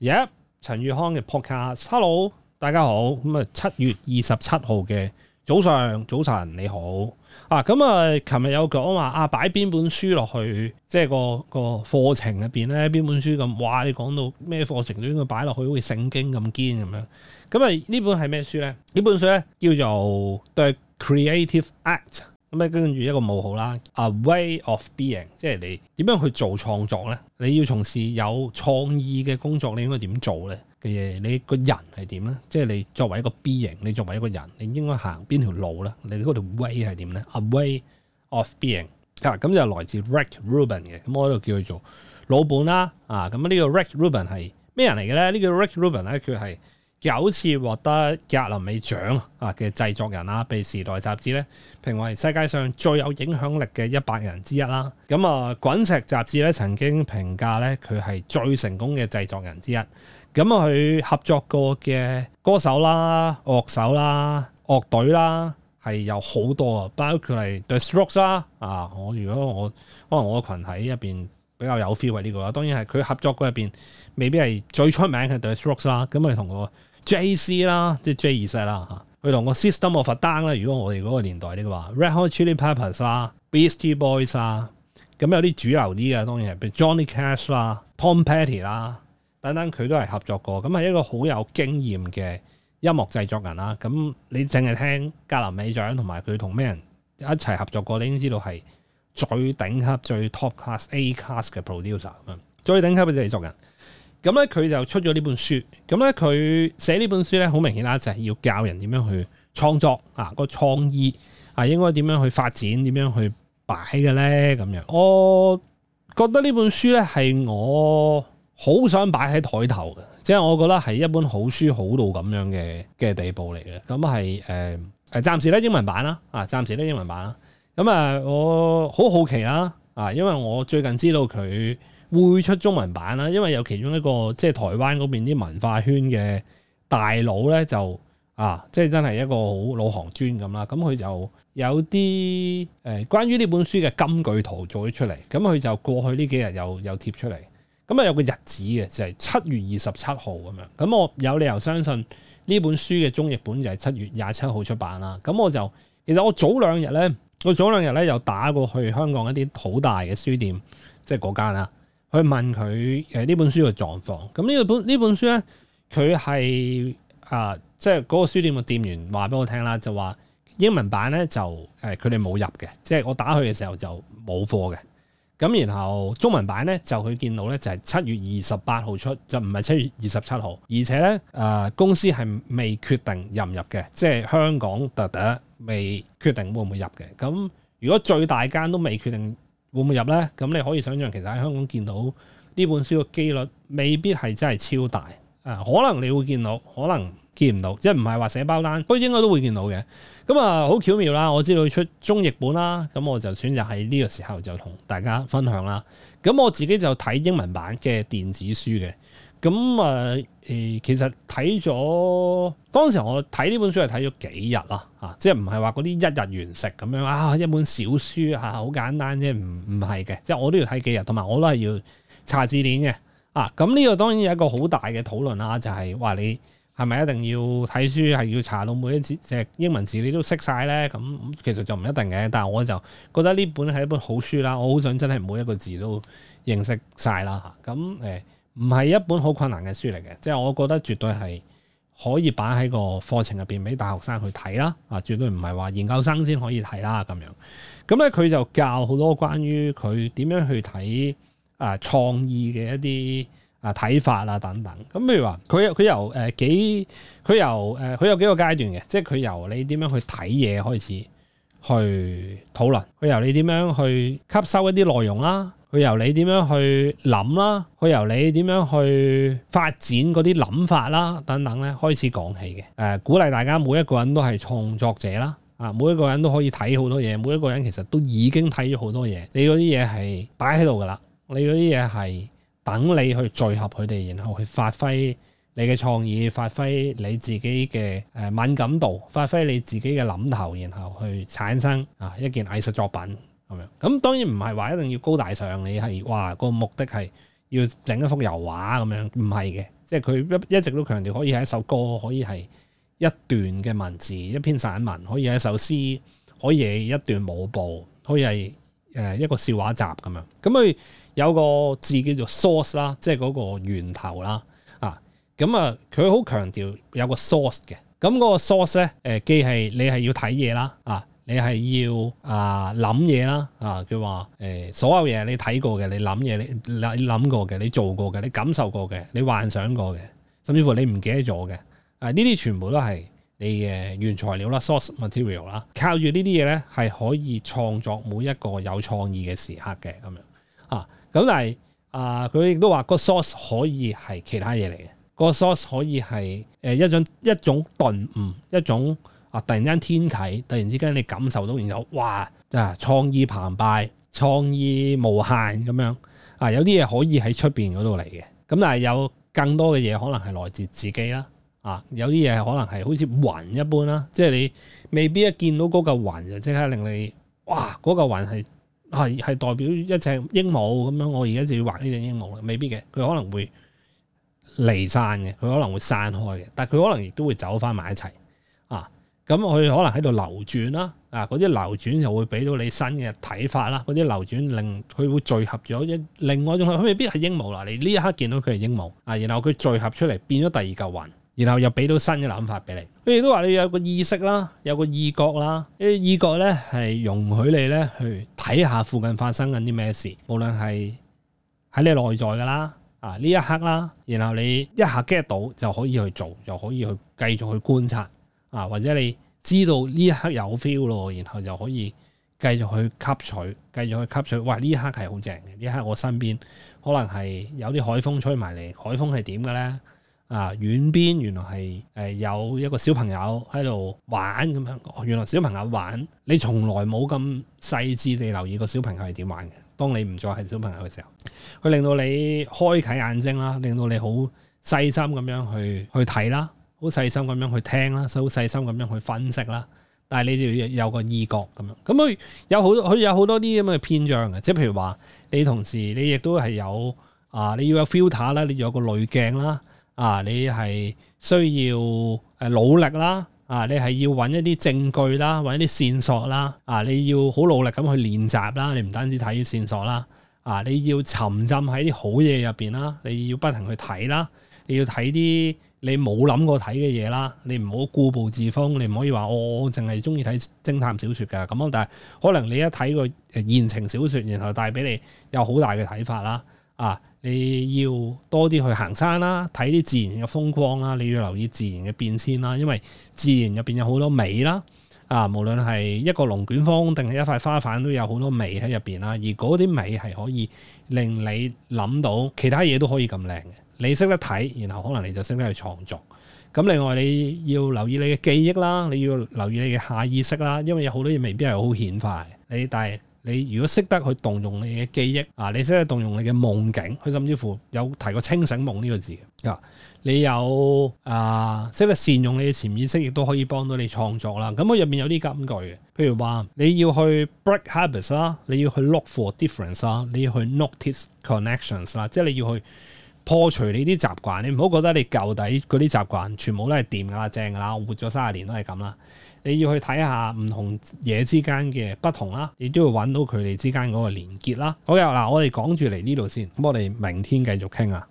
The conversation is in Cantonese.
耶！陳宇、yeah, 康嘅 podcast，hello，大家好，咁啊七月二十七號嘅早上早晨你好啊，咁、嗯、啊，琴日有講話啊，擺邊本書落去，即係個個課程入邊咧，邊本書咁，哇，你講到咩課程都應該擺落去，好似聖經咁堅咁樣，咁、嗯、啊、嗯、呢本係咩書咧？呢本書咧叫做《The Creative Act》咁跟住一個冒號啦，a way of being，即係你點樣去做創作咧？你要從事有創意嘅工作，你應該點做咧？嘅嘢你個人係點咧？即係你作為一個 being，你作為一個人，你應該行邊條路咧？你嗰條 way 係點咧？a way of being，啊，咁就來自 Rick Rubin 嘅，咁我喺度叫佢做老本啦。啊，咁、啊這個、呢、這個 Rick Rubin 係咩人嚟嘅咧？呢個 Rick Rubin 咧，佢係。九次獲得格林美獎啊嘅製作人啊，被時代雜誌咧評為世界上最有影響力嘅一百人之一啦。咁啊，滾石雜誌咧曾經評價咧佢係最成功嘅製作人之一。咁啊，佢合作過嘅歌手啦、樂手啦、樂隊啦係有好多啊，包括係 The Strokes 啦。啊，我如果我可能我個群體入邊比較有 feel 係呢個啦。當然係佢合作嗰入邊未必係最出名嘅 The Strokes 啦。咁咪同個。J.C. 啦，Z，即係 J.E.S. 啦，佢同個 system of 我發單啦。如果我哋嗰個年代呢個話，Red Hot Chili Peppers 啦、Beastie Boys 啦，咁有啲主流啲嘅當然係，譬如 Johnny Cash 啦、Tom Petty 啦等等，佢都係合作過。咁係一個好有經驗嘅音樂製作人啦。咁你淨係聽《格林美獎》同埋佢同咩人一齊合作過，你已經知道係最頂級、最 Top Class A Class 嘅 producer，最頂級嘅製作人。咁咧，佢就出咗呢本書。咁咧，佢寫呢本書咧，好明顯啦，就係要教人點樣去創作啊，個創意啊，應該點樣去發展，點樣去擺嘅咧。咁樣，我覺得呢本書咧，係我好想擺喺台頭嘅，即係我覺得係一本好書，好到咁樣嘅嘅地步嚟嘅。咁係誒誒，暫時咧英文版啦，啊，暫時咧英文版啦。咁啊，我好好奇啦，啊，因為我最近知道佢。會出中文版啦，因為有其中一個即係台灣嗰邊啲文化圈嘅大佬咧，就啊，即係真係一個好老行尊咁啦。咁佢就有啲誒、呃、關於呢本書嘅金句圖做咗出嚟，咁佢就過去呢幾日又又貼出嚟，咁啊有個日子嘅就係、是、七月二十七號咁樣。咁我有理由相信呢本書嘅中譯本就係七月廿七號出版啦。咁我就其實我早兩日咧，我早兩日咧又打過去香港一啲好大嘅書店，即係嗰間啦。去問佢誒呢本書嘅狀況，咁呢個本呢本書呢，佢係啊即係嗰個書店嘅店員話俾我聽啦，就話英文版呢就誒佢哋冇入嘅，即係我打去嘅時候就冇貨嘅。咁然後中文版呢，就佢見到呢，就係七月二十八號出，就唔係七月二十七號，而且呢，啊公司係未決定入唔入嘅，即係香港特特未決定會唔會入嘅。咁如果最大間都未決定。會唔會入呢？咁你可以想象其實喺香港見到呢本書嘅幾率未必係真係超大啊！可能你會見到，可能見唔到，即係唔係話寫包單，佢應該都會見到嘅。咁啊，好巧妙啦！我知道出中譯本啦，咁我就選擇喺呢個時候就同大家分享啦。咁我自己就睇英文版嘅電子書嘅。咁啊，誒、嗯，其實睇咗當時我睇呢本書係睇咗幾日啦，啊，即係唔係話嗰啲一日完食咁樣啊？一本小書嚇，好、啊、簡單啫，唔唔係嘅，即係我都要睇幾日，同埋我都係要查字典嘅啊。咁、嗯、呢、呢個當然有一個好大嘅討論啦，就係、是、話、啊、你係咪一定要睇書係要查到每一字隻英文字你都識晒咧？咁、嗯、其實就唔一定嘅。但係我就覺得呢本係一本好書啦，我好想真係每一個字都認識晒啦嚇。咁、啊、誒。嗯嗯。唔係一本好困難嘅書嚟嘅，即係我覺得絕對係可以擺喺個課程入邊俾大學生去睇啦。啊，絕對唔係話研究生先可以睇啦咁樣。咁咧佢就教好多關於佢點樣去睇啊創意嘅一啲啊睇法啊等等。咁譬如話，佢佢由誒幾，佢由誒佢有幾個階段嘅，即係佢由你點樣去睇嘢開始去討論，佢由你點樣去吸收一啲內容啦。佢由你點樣去諗啦，去由你點樣去發展嗰啲諗法啦，等等咧，開始講起嘅。誒、呃，鼓勵大家每一個人都係創作者啦，啊，每一個人都可以睇好多嘢，每一個人其實都已經睇咗好多嘢。你嗰啲嘢係擺喺度噶啦，你嗰啲嘢係等你去聚合佢哋，然後去發揮你嘅創意，發揮你自己嘅誒敏感度，發揮你自己嘅諗頭，然後去產生啊一件藝術作品。咁樣，咁當然唔係話一定要高大上，你係話個目的係要整一幅油畫咁樣，唔係嘅，即係佢一一直都強調可以係一首歌，可以係一段嘅文字，一篇散文，可以係一首詩，可以係一段舞步，可以係誒一個笑話集咁樣。咁佢有個字叫做 source 啦，即係嗰個源頭啦，啊，咁啊佢好強調有個 source 嘅，咁嗰個 source 咧誒既係你係要睇嘢啦，啊。你係要啊諗嘢啦啊，佢話誒所有嘢你睇過嘅，你諗嘢你諗過嘅，你做過嘅，你感受過嘅，你幻想過嘅，甚至乎你唔記得咗嘅啊，呢啲全部都係你嘅原材料啦，source material 啦，靠住呢啲嘢咧，係可以創作每一個有創意嘅時刻嘅咁樣啊。咁但係啊，佢亦都話個 source 可以係其他嘢嚟嘅，個 source 可以係誒一種一種頓悟一種，一種一種一種.突然間天啟，突然之間你感受到，然後哇，啊創意澎湃，創意無限咁樣啊，有啲嘢可以喺出邊嗰度嚟嘅，咁但係有更多嘅嘢可能係來自自己啦，啊有啲嘢可能係好似雲一般啦，啊，即係你未必一見到嗰嚿雲就即刻令你哇嗰嚿、那個、雲係係係代表一隻鸚鵡咁樣，我而家就要畫呢隻鸚鵡，未必嘅，佢可能會離散嘅，佢可能會散開嘅，但係佢可能亦都會走翻埋一齊。咁佢可能喺度流轉啦，啊嗰啲流轉就會俾到你新嘅睇法啦，嗰啲流轉令佢會聚合咗一另外一種，佢未必係鸚鵡啦，你呢一刻見到佢係鸚鵡，啊然後佢聚合出嚟變咗第二嚿雲，然後又俾到新嘅諗法俾你。佢哋都話你有個意識啦，有個意覺啦，呢啲意覺咧係容許你咧去睇下附近發生緊啲咩事，無論係喺你內在噶啦，啊呢一刻啦，然後你一下 get 到就可以去做，就可以去繼續去觀察。啊，或者你知道呢一刻有 feel 咯，然後就可以繼續去吸取，繼續去吸取。哇！呢一刻係好正嘅，呢一刻我身邊可能係有啲海風吹埋嚟，海風係點嘅咧？啊，遠邊原來係誒、呃、有一個小朋友喺度玩咁樣，原來小朋友玩，你從來冇咁細緻地留意個小朋友係點玩嘅。當你唔再係小朋友嘅時候，佢令到你開啟眼睛啦，令到你好細心咁樣去去睇啦。好細心咁樣去聽啦，好細心咁樣去分析啦。但係你就要有個意覺咁樣，咁佢有好多佢有好多啲咁嘅偏向嘅，即係譬如話你同時你亦都係有啊，你要有 filter 啦，你要有個濾鏡啦，啊，你係需要誒努力啦，啊，你係要揾一啲證據啦，揾一啲線索啦，啊，你要好努力咁去練習啦，你唔單止睇啲線索啦，啊，你要沉浸喺啲好嘢入邊啦，你要不停去睇啦，你要睇啲。你冇諗過睇嘅嘢啦，你唔好固步自封，你唔可以話我我淨係中意睇偵探小説㗎咁啊！但係可能你一睇個言情小説，然後帶俾你有好大嘅睇法啦。啊，你要多啲去行山啦，睇啲自然嘅風光啦，你要留意自然嘅變遷啦，因為自然入邊有好多美啦。啊，無論係一個龍捲風定係一塊花瓣，都有好多美喺入邊啦。而嗰啲美係可以令你諗到其他嘢都可以咁靚嘅。你識得睇，然後可能你就識得去創作。咁另外你要留意你嘅記憶啦，你要留意你嘅下意識啦，因為有好多嘢未必係好顯化嘅。你但係你如果識得去動用你嘅記憶啊，你識得動用你嘅夢境，佢甚至乎有提過清醒夢呢個字嘅。你有啊，呃、識得善用你嘅潛意識，亦都可以幫到你創作啦。咁佢入面有啲金句嘅，譬如話你要去 break habits 啊，你要去 look for difference 啊，你要去 notice connections 啦，即係你要去。破除你啲習慣，你唔好覺得你舊底嗰啲習慣全部都係掂㗎喇、正㗎喇，我活咗三十年都係咁啦。你要去睇下唔同嘢之間嘅不同啦，你都要揾到佢哋之間嗰個連結啦。好啦，嗱，我哋講住嚟呢度先，咁我哋明天繼續傾啊。